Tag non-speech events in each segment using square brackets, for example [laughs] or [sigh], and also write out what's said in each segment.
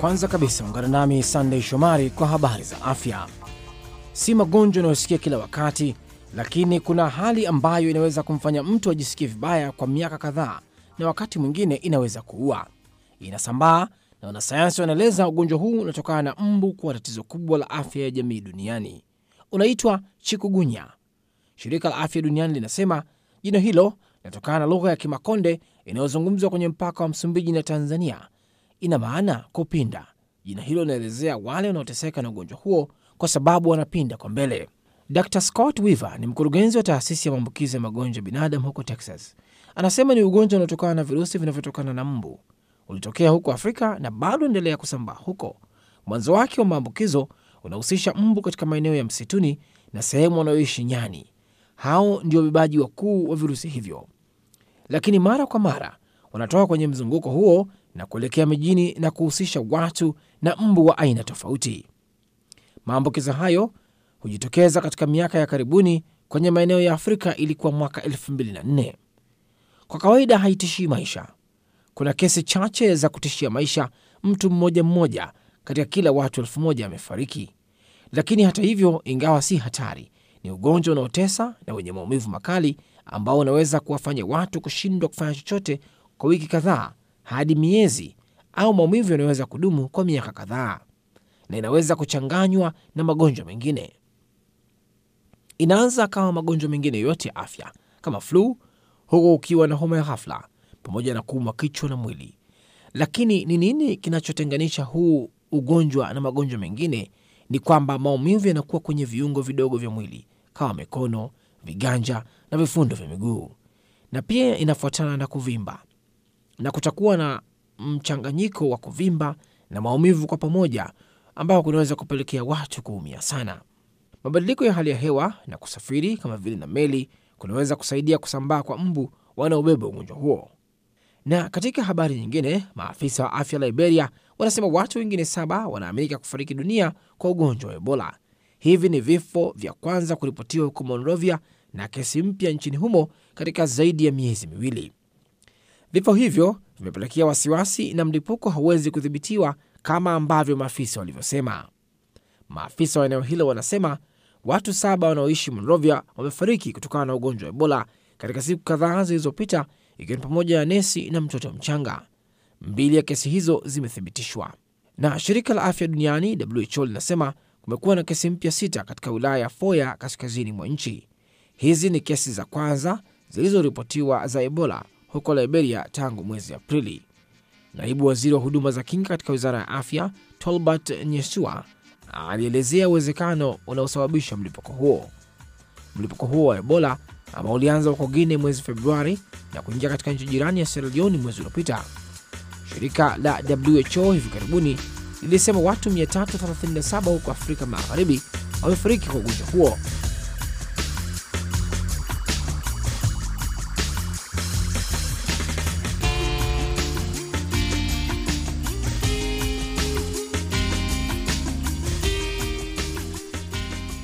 Kwanza kabisa ungana nami sandey Shomari kwa habari za afya. Si magonjwa unayosikia kila wakati, lakini kuna hali ambayo inaweza kumfanya mtu ajisikie vibaya kwa miaka kadhaa, na wakati mwingine inaweza kuua. Inasambaa na wanasayansi wanaeleza ugonjwa huu unatokana na mbu kuwa tatizo kubwa la afya ya jamii duniani. Unaitwa chikugunya. Shirika la Afya Duniani linasema jina hilo linatokana na lugha ya Kimakonde inayozungumzwa kwenye mpaka wa Msumbiji na Tanzania ina maana kupinda. Jina hilo linaelezea wale wanaoteseka na ugonjwa huo kwa sababu wanapinda kwa mbele. Dr Scott Weaver ni mkurugenzi wa taasisi ya maambukizi ya magonjwa binadam binadamu huko Texas. Anasema ni ugonjwa unaotokana na virusi vinavyotokana na mbu, ulitokea huko Afrika na bado endelea kusambaa huko. Mwanzo wake wa maambukizo unahusisha mbu katika maeneo ya msituni na sehemu wanayoishi nyani. Hao ndio wabebaji wakuu wa virusi hivyo, lakini mara kwa mara wanatoka kwenye mzunguko huo na kuelekea mijini na kuhusisha watu na mbu wa aina tofauti. Maambukizo hayo hujitokeza katika miaka ya karibuni kwenye maeneo ya Afrika, ilikuwa mwaka 2004. Kwa kawaida haitishii maisha. Kuna kesi chache za kutishia maisha, mtu mmoja mmoja katika kila watu elfu moja amefariki. Lakini hata hivyo, ingawa si hatari, ni ugonjwa unaotesa na wenye maumivu makali ambao unaweza kuwafanya watu kushindwa kufanya chochote kwa wiki kadhaa hadi miezi au maumivu yanayoweza kudumu kwa miaka kadhaa na inaweza kuchanganywa na magonjwa mengine. Inaanza kama magonjwa mengine yote ya afya kama flu, huku ukiwa na homa ya ghafla pamoja na kuumwa kichwa na mwili. Lakini ni nini kinachotenganisha huu ugonjwa na magonjwa mengine? Ni kwamba maumivu yanakuwa kwenye viungo vidogo vya mwili kama mikono, viganja na vifundo vya miguu, na pia inafuatana na kuvimba na kutakuwa na mchanganyiko wa kuvimba na maumivu kwa pamoja, ambao kunaweza kupelekea watu kuumia sana. Mabadiliko ya hali ya hewa na kusafiri kama vile na meli kunaweza kusaidia kusambaa kwa mbu wanaobeba ugonjwa huo. Na katika habari nyingine, maafisa wa afya Liberia wanasema watu wengine saba wanaaminika kufariki dunia kwa ugonjwa wa Ebola. Hivi ni vifo vya kwanza kuripotiwa huko Monrovia na kesi mpya nchini humo katika zaidi ya miezi miwili. Vifo hivyo vimepelekea wasiwasi na mlipuko hauwezi kudhibitiwa kama ambavyo maafisa walivyosema. Maafisa wa eneo hilo wanasema watu saba wanaoishi Monrovia wamefariki kutokana na ugonjwa wa Ebola katika siku kadhaa zilizopita, ikiwa ni pamoja na nesi na mtoto mchanga. Mbili ya kesi hizo zimethibitishwa na shirika la afya duniani WHO linasema kumekuwa na kesi mpya sita katika wilaya ya Foya kaskazini mwa nchi. Hizi ni kesi za kwanza zilizoripotiwa za Ebola huko Liberia tangu mwezi Aprili. Naibu waziri wa huduma za kinga katika wizara ya afya Tolbert Nyesua alielezea uwezekano unaosababisha mlipuko huo. Mlipuko huo wa Ebola ambao ulianza huko Guine mwezi Februari na kuingia katika nchi jirani ya Sierra Leone mwezi uliopita. Shirika la WHO hivi karibuni lilisema watu 337 huko Afrika Magharibi wamefariki kwa ugonjwa huo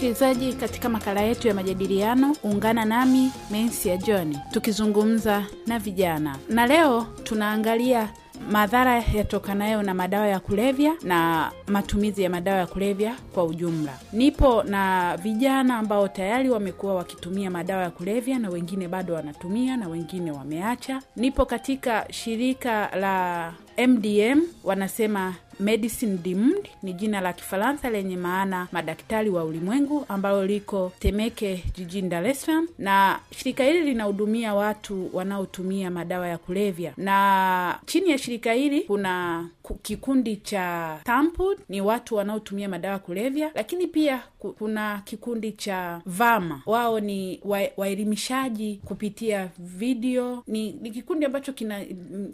Msikilizaji, katika makala yetu ya majadiliano ungana nami Mensi ya John tukizungumza na vijana, na leo tunaangalia madhara yatokanayo na madawa ya kulevya na matumizi ya madawa ya kulevya kwa ujumla. Nipo na vijana ambao tayari wamekuwa wakitumia madawa ya kulevya na wengine bado wanatumia na wengine wameacha. Nipo katika shirika la MDM wanasema Medicine du Monde ni jina la Kifaransa lenye maana madaktari wa ulimwengu, ambalo liko Temeke jijini Dar es Salaam, na shirika hili linahudumia watu wanaotumia madawa ya kulevya. Na chini ya shirika hili kuna kikundi cha Tampu, ni watu wanaotumia madawa ya kulevya, lakini pia kuna kikundi cha Vama, wao ni waelimishaji kupitia video. Ni, ni kikundi ambacho kina,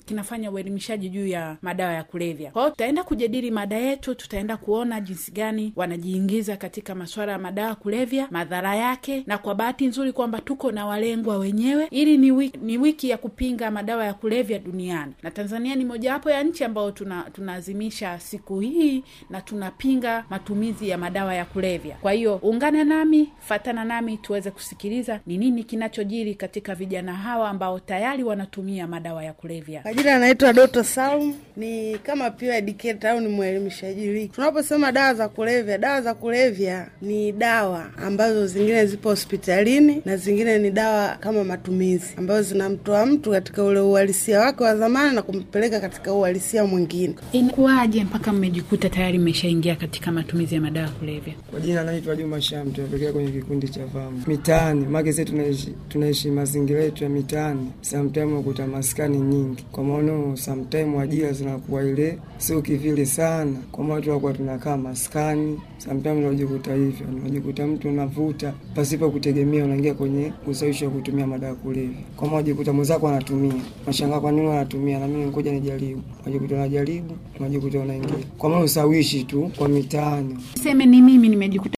kinafanya uelimishaji juu ya madawa ya kulevya. Kwa hiyo tutaenda kujadili mada yetu, tutaenda kuona jinsi gani wanajiingiza katika masuala ya madawa kulevya, madhara yake, na kwa bahati nzuri kwamba tuko na walengwa wenyewe. Ili ni wiki, ni wiki ya kupinga madawa ya kulevya duniani, na Tanzania ni mojawapo ya nchi ambayo tuna tunaazimisha siku hii na tunapinga matumizi ya madawa ya kulevya. Kwa hiyo ungana nami, fatana nami tuweze kusikiliza ni nini kinachojiri katika vijana hawa ambao tayari wanatumia madawa ya kulevya. Kwa jina anaitwa Doto salm ni kama pia Henrietta au ni mwelimishaji Liki. Tunaposema dawa za kulevya, dawa za kulevya ni dawa ambazo zingine zipo hospitalini na zingine ni dawa kama matumizi ambazo zinamtoa mtu katika ule uhalisia wake wa zamani na kumpeleka katika uhalisia mwingine. Inakuwaje mpaka mmejikuta tayari mmeshaingia katika matumizi ya madawa kulevya? Kwa jina naitwa Juma Sham, tunatokea kwenye kikundi cha Famu Mitaani. Make sisi tunaishi, tunaishi mazingira yetu ya mitaani, samtaimu wakuta maskani nyingi, kwa maana samtaimu ajira zinakuwa ile sio kivi vile sana, kwa watu tunakuwa tunakaa maskani, sometimes unajikuta hivyo, unajikuta mtu unavuta pasipo kutegemea, unaingia kwenye ushawishi wa kutumia madawa kulevya, kwa maana unajikuta mwenzako anatumia, unashangaa kwa nini anatumia, na mimi ngoja nijaribu, unajikuta unajaribu, unajikuta unaingia, kwa maana usawishi tu kwa mitaani. Sema ni mimi nimejikuta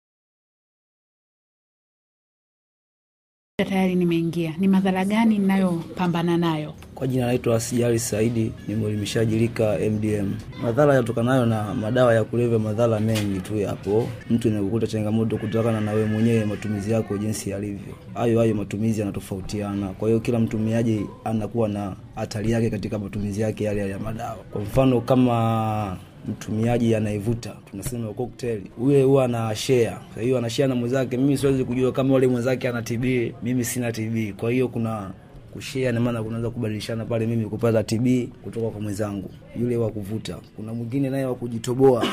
tayari nimeingia, ni madhara gani ninayopambana nayo? Kwa jina naitwa Sijali Saidi, ni mwelimishaji lika MDM. Madhara yatokanayo na madawa ya kulevya, madhara mengi tu yapo. Mtu inakukuta changamoto kutokana na wewe mwenyewe, matumizi yako jinsi yalivyo. Hayo hayo matumizi yanatofautiana, kwa hiyo kila mtumiaji anakuwa na hatari yake katika matumizi yake yale ya madawa. Kwa mfano kama mtumiaji anaivuta, tunasema cocktail, huye huwa ana share. Kwa hiyo ana share na mwenzake. Mimi siwezi kujua kama wale mwenzake ana TB, mimi sina TB. Kwa hiyo kuna kushare na maana kunaweza kubadilishana pale, mimi kupata TB kutoka kwa mwenzangu yule wa kuvuta. Kuna mwingine naye wa kujitoboa,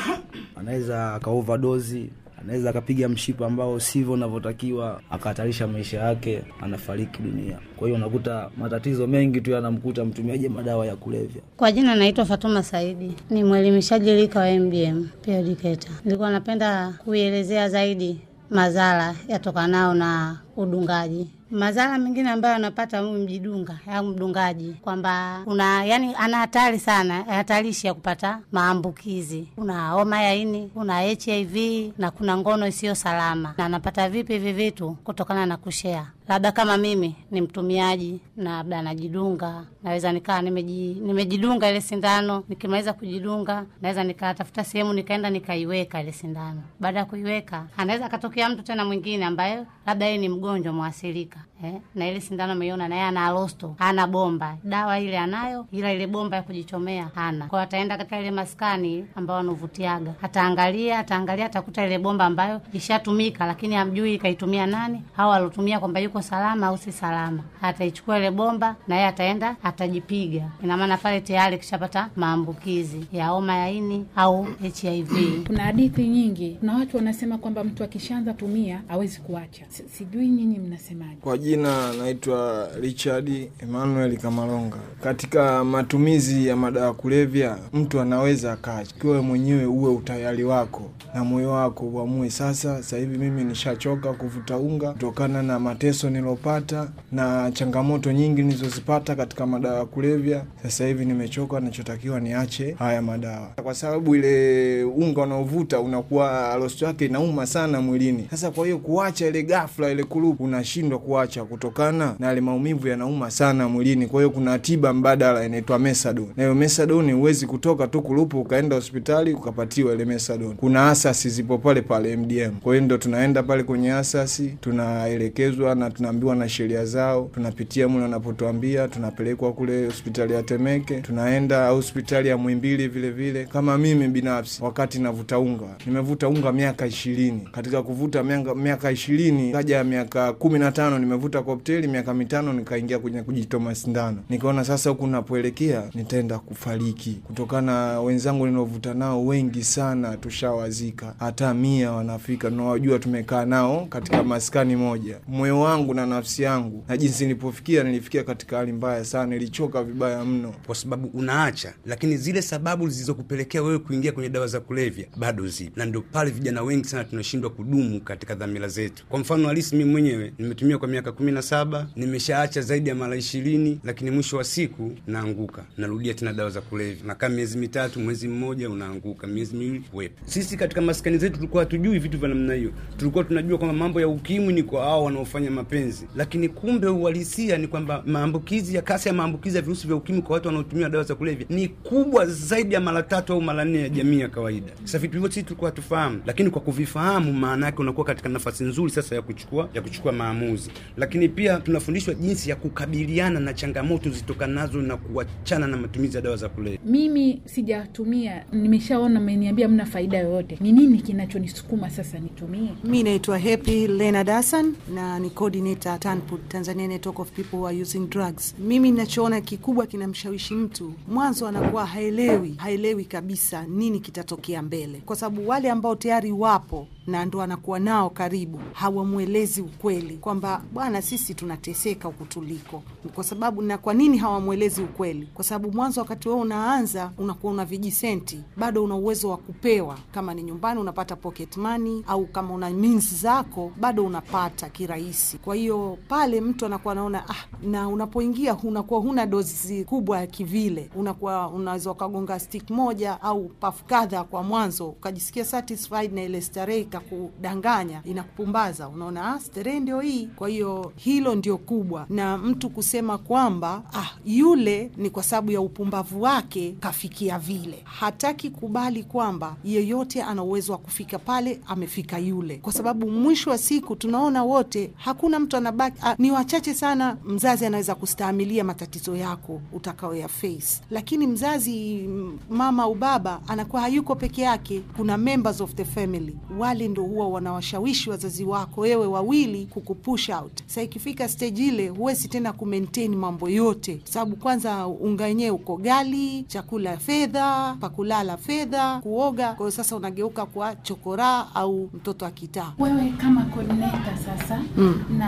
anaweza akaoverdose anaweza akapiga mshipa ambao sivyo unavyotakiwa, akahatarisha maisha yake, anafariki dunia. Kwa hiyo unakuta matatizo mengi tu yanamkuta mtumiaji madawa ya kulevya. Kwa jina naitwa Fatuma Saidi, ni mwelimishaji lika wa MDM pia diketa Nilikuwa napenda kuielezea zaidi madhara yatokanao na udungaji Madhara mengine ambayo anapata huyu mjidunga au mdungaji kwamba kuna yani, ana hatari sana, hatarishi ya kupata maambukizi. Kuna homa ya ini, kuna HIV na kuna ngono isiyo salama. Na anapata vipi hivi vitu kutokana na kushea labda kama mimi ni mtumiaji na labda najidunga, naweza nikaa nimeji, nimejidunga ile sindano. Nikimaliza kujidunga, naweza nikatafuta sehemu nikaenda nikaiweka ile sindano. Baada ya kuiweka, anaweza akatokea mtu tena mwingine ambaye labda yeye ni mgonjwa mwasilika eh, na ile sindano ameiona, naye ana alosto, ana bomba, dawa ile anayo, ila ile bomba ya kujichomea hana. Kwao ataenda katika ile maskani ambayo wanuvutiaga, ataangalia ataangalia, atakuta ile bomba ambayo ishatumika, lakini hamjui ikaitumia nani au alotumia kwamba yuko yuko salama au si salama. Ataichukua ile bomba na yeye ataenda atajipiga. Ina maana pale tayari kishapata maambukizi ya homa ya ini au HIV. Kuna hadithi nyingi, na watu wanasema kwamba mtu akishaanza tumia hawezi kuacha. Sijui nyinyi mnasemaje? Kwa jina naitwa Richard Emmanuel Kamalonga. Katika matumizi ya madawa kulevya, mtu anaweza akaacha kiwe mwenyewe, uwe utayari wako na moyo wako uamue. Sasa sasa hivi mimi nishachoka kuvuta unga kutokana na mateso mateso nilopata na changamoto nyingi nilizozipata katika madawa ya kulevya, sasa hivi nimechoka. Nachotakiwa niache haya madawa, kwa sababu ile unga unaovuta unakuwa harusi yake inauma sana mwilini. Sasa kwa hiyo kuacha ile ghafla ile kurupu unashindwa kuacha kutokana na ile maumivu yanauma sana mwilini. Kwa hiyo kuna tiba mbadala inaitwa mesadoni, na hiyo mesadoni huwezi kutoka tu kurupu ukaenda hospitali ukapatiwa ile mesadoni. Kuna asasi zipo pale pale MDM, kwa hiyo ndo tunaenda pale kwenye asasi tunaelekezwa na tunaambiwa na sheria zao, tunapitia mule wanapotuambia, tunapelekwa kule hospitali ya Temeke, tunaenda hospitali ya Mwimbili vile vile. Kama mimi binafsi, wakati navuta unga, nimevuta unga miaka ishirini. Katika kuvuta miaka, ishirini kaja ya miaka kumi na tano nimevuta kopteli, miaka mitano nikaingia kwenye kujitoma sindano, nikaona sasa huku napoelekea nitaenda kufariki kutokana na wenzangu ninaovuta nao wengi sana tushawazika, hata mia wanafika, nawajua, tumekaa nao katika maskani moja. Moyo wangu wangu na nafsi yangu, na jinsi nilipofikia, nilifikia katika hali mbaya sana, nilichoka vibaya mno. Kwa sababu unaacha, lakini zile sababu zilizokupelekea wewe kuingia kwenye dawa za kulevya bado zipo, na ndio pale vijana wengi sana tunashindwa kudumu katika dhamira zetu. Kwa mfano halisi, mimi mwenyewe nimetumia kwa miaka kumi na saba, nimeshaacha zaidi ya mara ishirini, lakini mwisho wa siku naanguka, narudia tena dawa za kulevya, nakaa miezi mitatu, mwezi mmoja, unaanguka, miezi miwili wepo. Sisi katika maskani zetu tulikuwa hatujui vitu vya namna hiyo, tulikuwa tunajua kwamba mambo ya ukimwi ni kwa hao wanaofanya mapenzi, lakini kumbe uhalisia ni kwamba maambukizi ya kasi ya maambukizi ya virusi vya ukimwi kwa watu wanaotumia dawa za kulevya ni kubwa zaidi ya mara tatu au mara nne ya jamii ya kawaida. Sasa vitu hivyo sisi tulikuwa hatufahamu, lakini kwa kuvifahamu, maana yake unakuwa katika nafasi nzuri sasa ya kuchukua ya kuchukua maamuzi, lakini pia tunafundishwa jinsi ya kukabiliana na changamoto zitokanazo na kuachana na matumizi ya dawa za kulevya. Mimi sijatumia, nimeshaona, mmeniambia mna faida yoyote. Ni nini kinachonisukuma sasa nitumie? Mi naitwa Happy Lena Dasan na ni coordinator at ANPOD, Tanzania Network of People Who Are Using Drugs. Mimi ninachoona kikubwa kinamshawishi mtu mwanzo, anakuwa haelewi, haelewi kabisa nini kitatokea mbele, kwa sababu wale ambao tayari wapo na ndo anakuwa nao karibu hawamwelezi ukweli kwamba bwana, sisi tunateseka huku tuliko. Kwa sababu na kwa nini hawamwelezi ukweli? Kwa sababu mwanzo, wakati wewe unaanza, unakuwa una vijisenti, bado una uwezo wa kupewa, kama ni nyumbani unapata pocket money, au kama una means zako bado unapata kirahisi. Kwa hiyo pale mtu anakuwa anaona ah, na unapoingia unakuwa huna dozi kubwa kivile, unakuwa unaweza ukagonga stick moja au pafu kadha kwa mwanzo, ukajisikia satisfied na ile starehe ikakudanganya, inakupumbaza, unaona ah, starehe ndio hii. Kwa hiyo hilo ndio kubwa, na mtu kusema kwamba ah, yule ni kwa sababu ya upumbavu wake kafikia vile, hataki kubali kwamba yeyote ana uwezo wa kufika pale amefika yule, kwa sababu mwisho wa siku tunaona wote hakuna hakuna mtu anabaki a, ni wachache sana. Mzazi anaweza kustahamilia matatizo yako utakaoya face, lakini mzazi mama au baba anakuwa hayuko peke yake, kuna members of the family, wale ndo huwa wanawashawishi wazazi wako wewe wawili kukupush out. Sa ikifika stage ile huwezi tena kumaintain mambo yote, sababu kwanza unga wenyewe uko gali, chakula fedha, pakulala fedha, kuoga. Kwa sasa unageuka kwa chokoraa au mtoto akitaa wewe kama coordinator sasa mm. na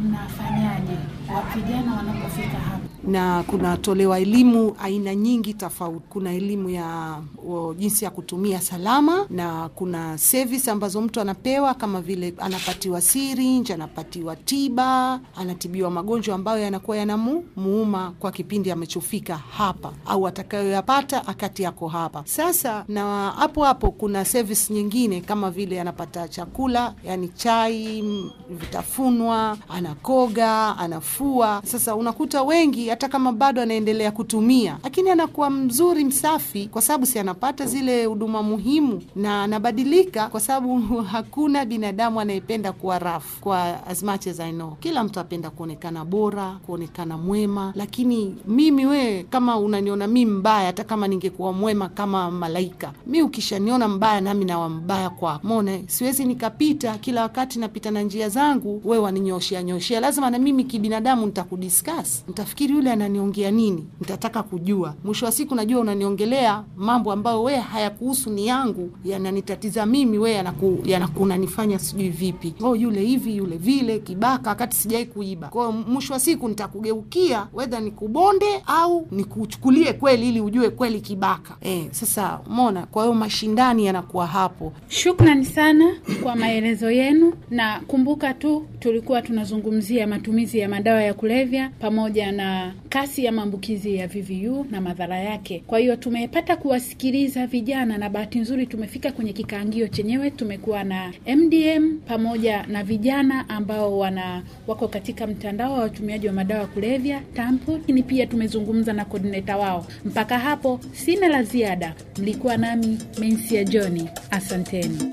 mnafanyaje mna, mna watu wanapofika hapa? na kunatolewa elimu aina nyingi tofauti. Kuna elimu ya o, jinsi ya kutumia salama, na kuna service ambazo mtu anapewa kama vile anapatiwa syringe, anapatiwa tiba, anatibiwa magonjwa ambayo yanakuwa yanamuuma kwa kipindi amechofika hapa au atakayoyapata akati yako hapa sasa. Na hapo hapo kuna service nyingine kama vile anapata chakula, yani chai, vitafunwa, anakoga, anafua. Sasa unakuta wengi hata kama bado anaendelea kutumia, lakini anakuwa mzuri msafi, kwa sababu si anapata zile huduma muhimu, na anabadilika kwa sababu [laughs] hakuna binadamu anayependa kuwa rafu. Kwa as much as I know, kila mtu apenda kuonekana bora, kuonekana mwema, lakini mimi we, kama unaniona mi mbaya, hata kama ningekuwa mwema kama malaika, mi ukishaniona mbaya, nami nawa mbaya kwa mona, siwezi nikapita kila wakati napita na njia zangu, we waninyoshea nyoshea, lazima na mimi kibinadamu nitakudiskasi, nitafikiri yule yule ananiongea nini, nitataka kujua. Mwisho wa siku najua unaniongelea mambo ambayo wewe hayakuhusu, ni yangu, yananitatiza mimi, yanakunanifanya unanifanya sijui vipi, oh, yule hivi yule vile, kibaka wakati sijai kuiba. kwao mwisho wa siku nitakugeukia, wedha nikubonde au nikuchukulie kweli, ili ujue kweli kibaka. e, sasa mona Kwa hiyo mashindani yanakuwa hapo. Shukrani sana kwa maelezo yenu, na kumbuka tu tulikuwa tunazungumzia matumizi ya madawa ya kulevya pamoja na kasi ya maambukizi ya VVU na madhara yake. Kwa hiyo tumepata kuwasikiliza vijana, na bahati nzuri tumefika kwenye kikaangio chenyewe. Tumekuwa na MDM pamoja na vijana ambao wana wako katika mtandao wa watumiaji wa madawa ya kulevya TAMPU, lakini pia tumezungumza na kodineta wao. Mpaka hapo sina la ziada. Mlikuwa nami Mensia Johni, asanteni.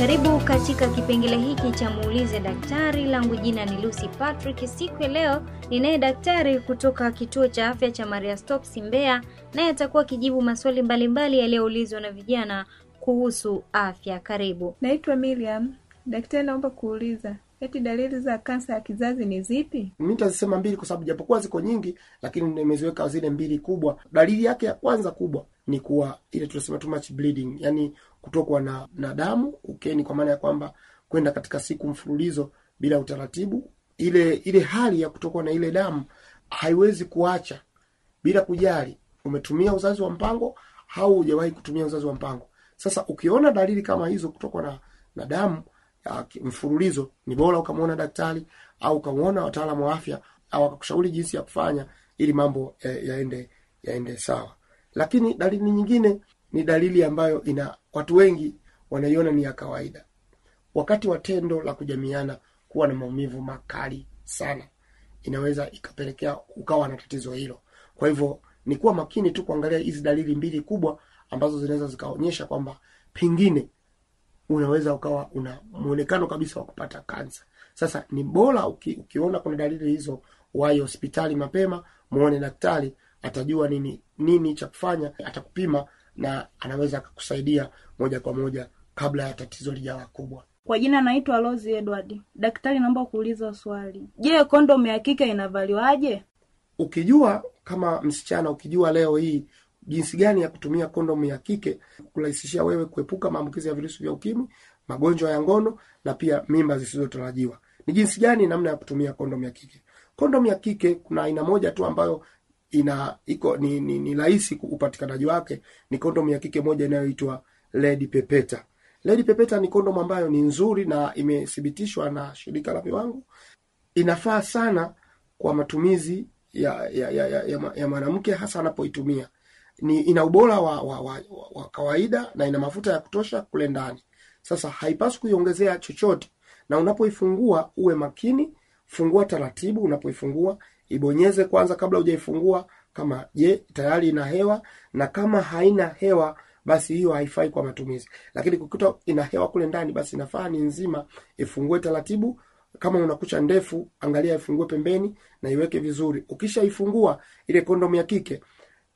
Karibu katika kipengele hiki cha muulize daktari. Langu jina ni Lucy Patrick. Siku ya leo ninaye daktari kutoka kituo cha afya cha Maria Stopes Mbeya, naye atakuwa akijibu maswali mbalimbali yaliyoulizwa na vijana kuhusu afya. Karibu. Naitwa Miriam. Daktari, naomba kuuliza Eti dalili za kansa ya kizazi ni zipi? Mimi tazisema mbili, kwa sababu japokuwa ziko nyingi, lakini nimeziweka zile mbili kubwa. Dalili yake ya kwanza kubwa ni kuwa ile tunasema too much bleeding, yani kutokwa na, na damu ukeni, kwa maana ya kwamba kwenda katika siku mfululizo bila utaratibu. Ile ile hali ya kutokwa na ile damu haiwezi kuacha bila kujali umetumia uzazi wa mpango au hujawahi kutumia uzazi wa mpango. Sasa ukiona dalili kama hizo, kutokwa na, na damu mfululizo, ni bora ukamwona daktari au ukamwona wataalamu wa afya au akakushauri jinsi ya kufanya ili mambo eh, yaende yaende sawa. Lakini dalili nyingine ni dalili ambayo ina watu wengi wanaiona ni ya kawaida, wakati wa tendo la kujamiana kuwa na maumivu makali sana, inaweza ikapelekea ukawa na tatizo hilo. Kwa hivyo ni kuwa makini tu kuangalia hizi dalili mbili kubwa ambazo zinaweza zikaonyesha kwamba pengine unaweza ukawa una mwonekano kabisa wa kupata kansa. Sasa ni bora uki, ukiona kuna dalili hizo, wayo hospitali mapema, muone daktari, atajua nini nini cha kufanya, atakupima na anaweza akakusaidia moja kwa moja kabla ya tatizo lijawa kubwa. Kwa jina naitwa Rose Edward. Daktari, naomba kuuliza swali. Je, kondomu ya kike inavaliwaje? Ukijua kama msichana, ukijua leo hii jinsi gani ya kutumia kondomu ya kike kurahisishia wewe kuepuka maambukizi ya virusi vya ukimwi, magonjwa ya ngono na pia mimba zisizotarajiwa. Ni jinsi gani namna ya kutumia kondomu ya kike. Kondomu ya kike kuna aina moja tu ambayo ina iko ni, ni, ni rahisi upatikanaji wake, ni kondomu ya kike moja inayoitwa Lady Pepeta. Lady Pepeta ni kondomu ambayo ni nzuri na imethibitishwa na shirika la viwango, inafaa sana kwa matumizi ya, ya, ya, ya, ya, ya mwanamke hasa anapoitumia ni ina ubora wa, wa, wa, wa wa kawaida na ina mafuta ya kutosha kule ndani. Sasa haipaswi kuiongezea chochote, na unapoifungua uwe makini, fungua taratibu. Unapoifungua ibonyeze kwanza kabla hujaifungua kama je, tayari ina hewa, na kama haina hewa basi hiyo haifai kwa matumizi, lakini kukuta ina hewa kule ndani, basi inafaa ni nzima. Ifungue taratibu, kama una kucha ndefu, angalia ifungue pembeni na iweke vizuri. Ukishaifungua ile kondomu ya kike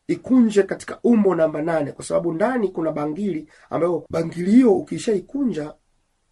ikunje katika umbo namba nane kwa sababu ndani kuna bangili ambayo bangili hiyo ukishaikunja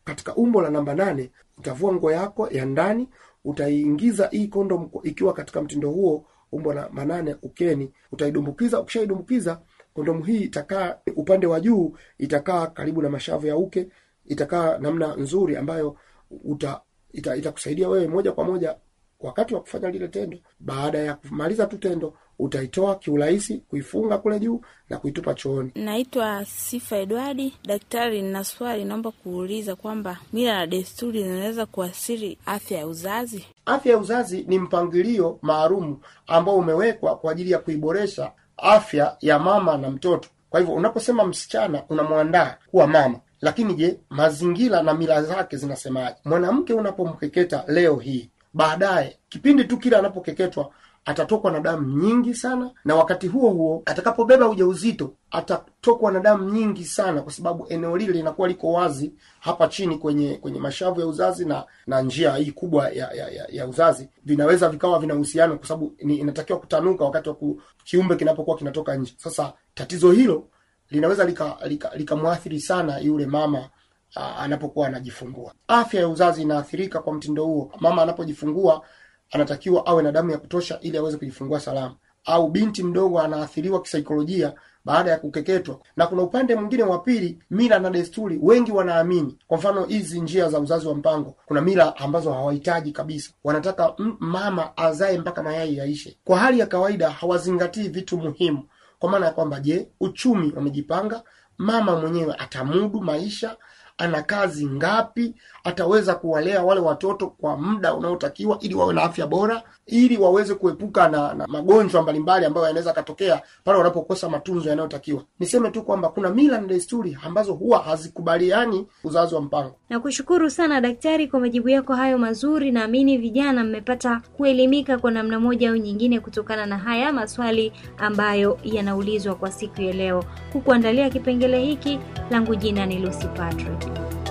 katika umbo la namba nane utavua nguo yako ya ndani utaiingiza hii kondo ikiwa katika mtindo huo umbo la manane ukeni utaidumbukiza ukishaidumbukiza kondomu hii itakaa upande wa juu itakaa karibu na mashavu ya uke itakaa namna nzuri ambayo uta itakusaidia ita wewe moja kwa moja wakati wa kufanya lile tendo, baada ya kumaliza tu tendo utaitoa kiurahisi, kuifunga kule juu na kuitupa chooni. Naitwa Sifa Edwadi. Daktari, nina swali, naomba kuuliza kwamba mila na desturi zinaweza kuathiri afya ya uzazi? Afya ya uzazi ni mpangilio maalum ambao umewekwa kwa ajili ya kuiboresha afya ya mama na mtoto. Kwa hivyo unaposema msichana unamwandaa kuwa mama, lakini je, mazingira na mila zake zinasemaje? Mwanamke unapomkeketa leo hii baadaye, kipindi tu kile anapokeketwa atatokwa na damu nyingi sana, na wakati huo huo atakapobeba ujauzito atatokwa na damu nyingi sana, kwa sababu eneo lile linakuwa liko wazi hapa chini kwenye kwenye mashavu ya uzazi na na njia hii kubwa ya, ya, ya, ya uzazi, vinaweza vikawa vina uhusiano, kwa sababu inatakiwa kutanuka wakati wa kiumbe kinapokuwa kinatoka nje. Sasa tatizo hilo linaweza likamwathiri lika, lika sana yule mama anapokuwa anajifungua. Afya ya uzazi inaathirika kwa mtindo huo. Mama anapojifungua anatakiwa awe na damu ya kutosha ili aweze kujifungua salama, au binti mdogo anaathiriwa kisaikolojia baada ya kukeketwa. Na kuna upande mwingine wa pili, mila na desturi. Wengi wanaamini, kwa mfano, hizi njia za uzazi wa mpango, kuna mila ambazo hawahitaji kabisa, wanataka mama azae mpaka mayai yaishe. Kwa hali ya kawaida hawazingatii vitu muhimu, kwa maana ya kwamba, je, uchumi wamejipanga Mama mwenyewe atamudu maisha? ana kazi ngapi ataweza kuwalea wale watoto kwa muda unaotakiwa ili wawe na afya bora, ili waweze kuepuka na, na magonjwa mbalimbali ambayo yanaweza katokea pale wanapokosa matunzo yanayotakiwa. Niseme tu kwamba kuna mila na desturi ambazo huwa hazikubaliani uzazi wa mpango. Nakushukuru sana daktari kwa majibu yako hayo mazuri. Naamini vijana mmepata kuelimika kwa namna moja au nyingine kutokana na haya maswali ambayo yanaulizwa kwa siku ya leo. Kukuandalia kipengele hiki langu jina ni Lucy Patrick.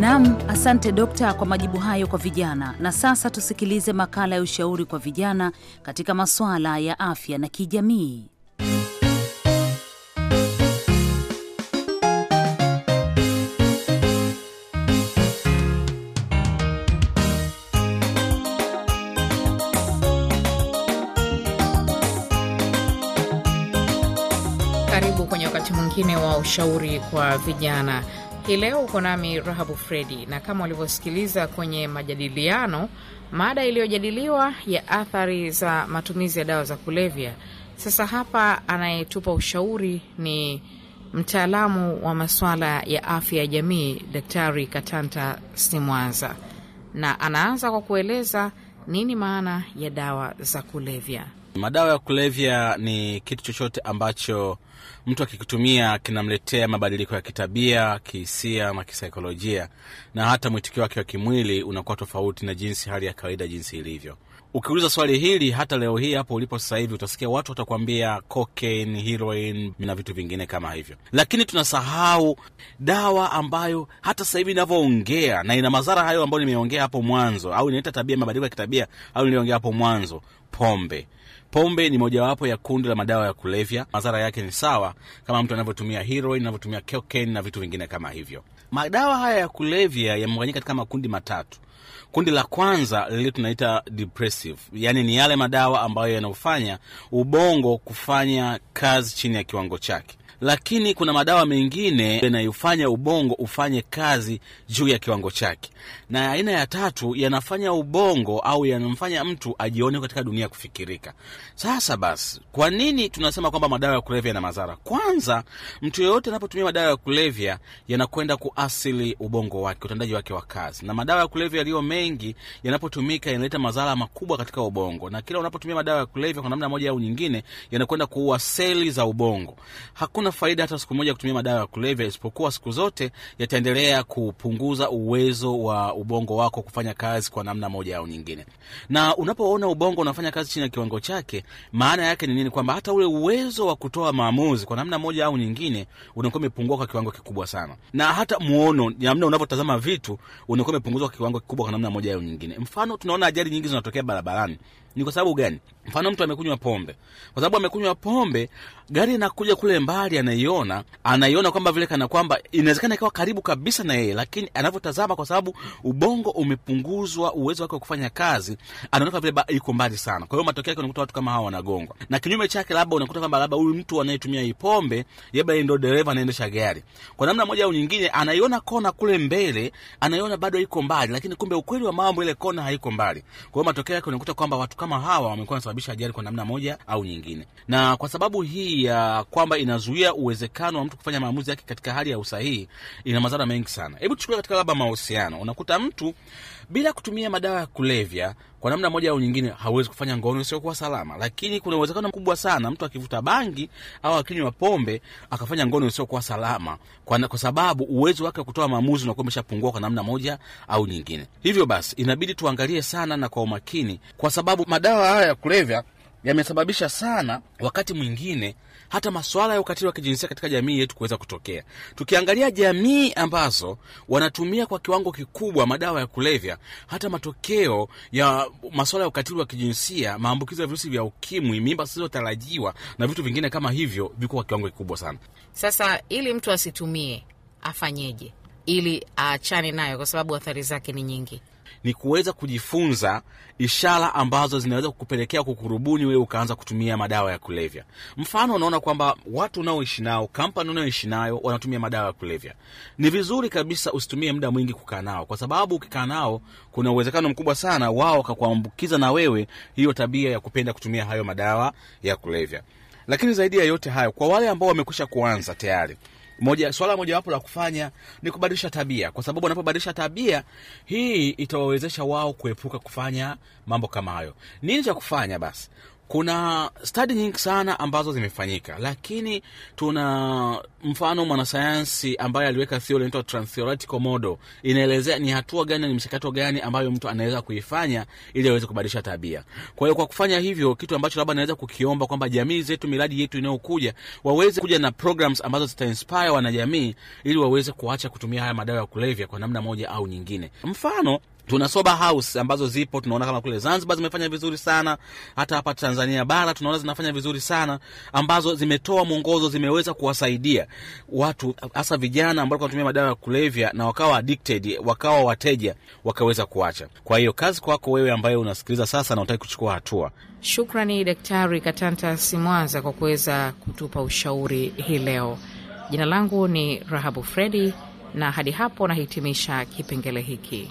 Nam, asante dokta kwa majibu hayo kwa vijana. Na sasa tusikilize makala ya ushauri kwa vijana katika masuala ya afya na kijamii. Karibu kwenye wakati mwingine wa ushauri kwa vijana. Hii leo uko nami Rahabu Fredi, na kama ulivyosikiliza kwenye majadiliano, mada iliyojadiliwa ya athari za matumizi ya dawa za kulevya. Sasa hapa anayetupa ushauri ni mtaalamu wa masuala ya afya ya jamii, Daktari Katanta Simwanza, na anaanza kwa kueleza nini maana ya dawa za kulevya. Madawa ya kulevya ni kitu chochote ambacho mtu akikitumia kinamletea mabadiliko ya kitabia, kihisia na kisaikolojia, na hata mwitikio wake wa kimwili unakuwa tofauti na jinsi hali ya kawaida jinsi ilivyo. Ukiuliza swali hili hata leo hii hapo ulipo sasa hivi utasikia watu watakuambia cocaine, heroin na vitu vingine kama hivyo, lakini tunasahau dawa ambayo hata sasa hivi inavyoongea na ina madhara hayo ambayo nimeongea hapo mwanzo, au inaita tabia, mabadiliko ya kitabia au niliongea hapo mwanzo, pombe. Pombe ni mojawapo ya kundi la madawa ya kulevya. Madhara yake ni sawa kama mtu anavyotumia heroin, anavyotumia cocaine na vitu vingine kama hivyo. Madawa haya ya kulevya yamegawanyika katika makundi matatu. Kundi la kwanza lile tunaita depressive, yani ni yale madawa ambayo yanaofanya ubongo kufanya kazi chini ya kiwango chake lakini kuna madawa mengine yanayofanya ubongo ufanye kazi juu ya kiwango chake, na aina ya tatu yanafanya ubongo au yanamfanya mtu ajione katika dunia ya kufikirika. Sasa basi, kwa nini tunasema kwamba madawa ya kulevya yana madhara? Kwanza, mtu yoyote anapotumia madawa ya kulevya yanakwenda kuasili ubongo wake, utendaji wake wa kazi, na madawa ya kulevya yaliyo mengi yanapotumika yanaleta madhara makubwa katika ubongo, na kila unapotumia madawa ya kulevya kwa namna moja au nyingine yanakwenda kuua seli za ubongo. Hakuna hakuna faida hata siku moja kutumia madawa ya kulevya, isipokuwa siku zote yataendelea kupunguza uwezo wa ubongo wako kufanya kazi kwa namna moja au nyingine. Na unapoona ubongo unafanya kazi chini ya kiwango chake, maana yake ni nini? Kwamba hata ule uwezo wa kutoa maamuzi kwa namna moja au nyingine unakuwa umepungua kwa kiwango kikubwa sana, na hata muono, namna unavyotazama vitu unakuwa umepunguzwa kwa kiwango kikubwa kwa namna moja au nyingine. Mfano, tunaona ajali nyingi zinatokea barabarani ni kwa sababu gani? Mfano, mtu amekunywa pombe, kwa sababu amekunywa pombe, gari inakuja kule mbali, anaiona anaiona kwamba vile kana kwamba inawezekana ikawa karibu kabisa na yeye, lakini anavyotazama, kwa sababu ubongo umepunguzwa uwezo wake wa kufanya kazi, anaona vile iko mbali sana. Kwa hiyo matokeo yake unakuta watu kama hawa wanagongwa. Na kinyume chake, labda unakuta kwamba labda huyu mtu anayetumia hii pombe, yeye ndio dereva anaendesha gari, kwa namna moja au nyingine, anaiona kona kule mbele, anaiona bado iko mbali, lakini kumbe ukweli wa mambo, ile kona haiko mbali. Kwa hiyo matokeo yake unakuta kwamba watu kama kama hawa wamekuwa wanasababisha ajali kwa namna moja au nyingine, na kwa sababu hii ya uh, kwamba inazuia uwezekano wa mtu kufanya maamuzi yake katika hali ya usahihi, ina madhara mengi sana. Hebu tuchukue katika labda mahusiano, unakuta mtu bila kutumia madawa ya kulevya kwa namna moja au nyingine hawezi kufanya ngono isiyokuwa salama, lakini kuna uwezekano mkubwa sana mtu akivuta bangi au akinywa pombe akafanya ngono isiyokuwa salama kwa, na, kwa sababu uwezo wake wa kutoa maamuzi unakuwa umeshapungua kwa namna moja au nyingine. Hivyo basi inabidi tuangalie sana na kwa umakini, kwa sababu ma, madawa haya ya kulevya yamesababisha sana wakati mwingine hata maswala ya ukatili wa kijinsia katika jamii yetu kuweza kutokea. Tukiangalia jamii ambazo wanatumia kwa kiwango kikubwa madawa ya kulevya, hata matokeo ya maswala ya ukatili wa kijinsia, maambukizo ya virusi vya UKIMWI, mimba zisizotarajiwa na vitu vingine kama hivyo, viko kwa kiwango kikubwa sana. Sasa ili mtu asitumie, afanyeje ili aachane nayo, kwa sababu athari zake ni nyingi? ni kuweza kujifunza ishara ambazo zinaweza kukupelekea kukurubuni wewe ukaanza kutumia madawa ya kulevya. Mfano, unaona kwamba watu unaoishi nao, kampani unayoishi nayo, wanatumia madawa ya kulevya. Ni vizuri kabisa usitumie muda mwingi kukaa nao, kwa sababu ukikaa nao kuna uwezekano mkubwa sana wao wakakuambukiza na wewe hiyo tabia ya kupenda kutumia hayo madawa ya kulevya. Lakini zaidi ya yote hayo, kwa wale ambao wamekwisha kuanza tayari moja, swala mojawapo la kufanya ni kubadilisha tabia, kwa sababu wanapobadilisha tabia hii itawawezesha wao kuepuka kufanya mambo kama hayo. Nini cha kufanya basi? Kuna stadi nyingi sana ambazo zimefanyika, lakini tuna mfano mwanasayansi ambaye aliweka theory inaitwa transtheoretical model, inaelezea ni hatua gani, ni mchakato gani ambayo mtu anaweza kuifanya ili aweze kubadilisha tabia. Kwa hiyo kwa kufanya hivyo, kitu ambacho labda naweza kukiomba kwamba jamii zetu, miradi yetu inayokuja, waweze kuja na programs ambazo zitainspire wanajamii ili waweze kuacha kutumia haya madawa ya kulevya kwa namna moja au nyingine. Mfano tuna soba house ambazo zipo, tunaona kama kule Zanzibar zimefanya vizuri sana, hata hapa Tanzania bara tunaona zinafanya vizuri sana, ambazo zimetoa mwongozo, zimeweza kuwasaidia watu, hasa vijana ambao wanatumia madawa ya kulevya na wakawa addicted, wakawa wateja, wakaweza kuacha. Kwa hiyo kazi kwako wewe ambaye unasikiliza sasa na unataka kuchukua hatua. Shukrani Daktari Katanta Simwanza kwa kuweza kutupa ushauri hii leo. Jina langu ni Rahabu Fredi na hadi hapo nahitimisha kipengele hiki.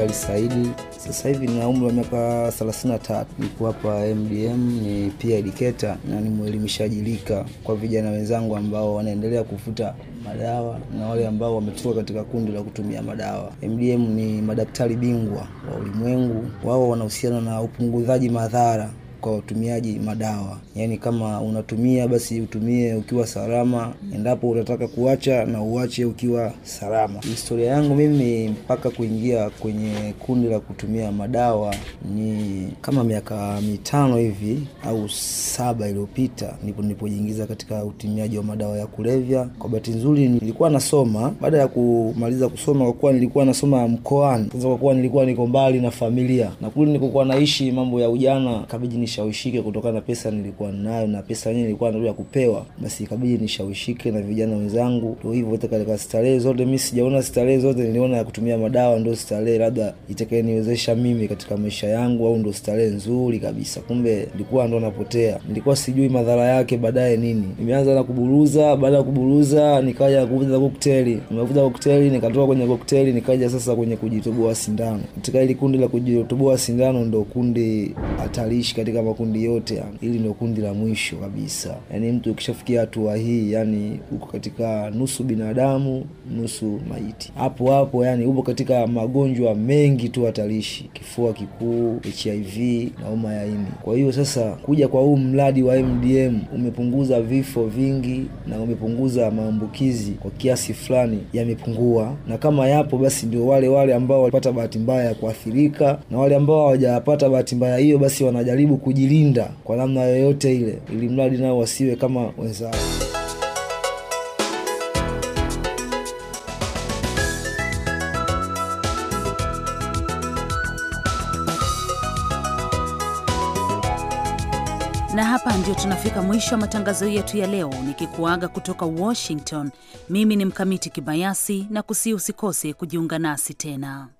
Ali Saidi. Sasa hivi nina umri wa miaka 33. Niko hapa MDM, ni pia educator na ni mwelimishaji lika kwa vijana wenzangu ambao wanaendelea kufuta madawa na wale ambao wametoka katika kundi la kutumia madawa. MDM ni madaktari bingwa wa ulimwengu, wao wanahusiana na upunguzaji madhara kwa watumiaji madawa. Yani kama unatumia basi utumie ukiwa salama, endapo unataka kuacha na uache ukiwa salama. Historia yangu mimi mpaka kuingia kwenye kundi la kutumia madawa ni kama miaka mitano hivi au saba iliyopita, ndipo nilipojiingiza katika utumiaji wa madawa ya kulevya. Kwa bahati nzuri nilikuwa nasoma, baada ya kumaliza kusoma, kwa kuwa nilikuwa nasoma mkoani, kwa kuwa nilikuwa niko mbali na familia na kuli nilikokuwa naishi, mambo ya ujana kabiji nishawishike kutokana na pesa nilikuwa nayo na pesa yenyewe nilikuwa narudia kupewa, basi ikabidi nishawishike na vijana wenzangu. Ndio hivyo hata katika starehe zote, mimi sijaona starehe zote, niliona ya kutumia madawa ndio starehe labda itakayeniwezesha mimi katika maisha yangu, au ndio starehe nzuri kabisa. Kumbe nilikuwa ndo napotea, nilikuwa sijui madhara yake baadaye nini. Nimeanza na kuburuza, baada ya kuburuza nikaja kuvuta kokteli, nimevuta kokteli nikatoka kwenye kokteli nikaja sasa kwenye kujitoboa sindano. Katika ile kundi la kujitoboa sindano ndo kundi hatarishi katika katika makundi yote yani. Hili ndio kundi la mwisho kabisa, yaani mtu ukishafikia hatua hii, yani uko katika nusu binadamu nusu maiti. Hapo hapo yani upo katika magonjwa mengi tu hatarishi: kifua kikuu, HIV na homa ya ini. Kwa hiyo sasa kuja kwa huu mradi wa MDM umepunguza vifo vingi na umepunguza maambukizi kwa kiasi fulani, yamepungua, na kama yapo basi ndio wale wale ambao walipata bahati mbaya ya kuathirika na wale ambao hawajapata bahati mbaya hiyo, basi wanajaribu ku kujilinda kwa namna yoyote ile, ili mradi nao wasiwe kama wenzao. Na hapa ndio tunafika mwisho wa matangazo yetu ya leo, nikikuaga kutoka Washington. Mimi ni Mkamiti Kibayasi na kusii usikose kujiunga nasi tena.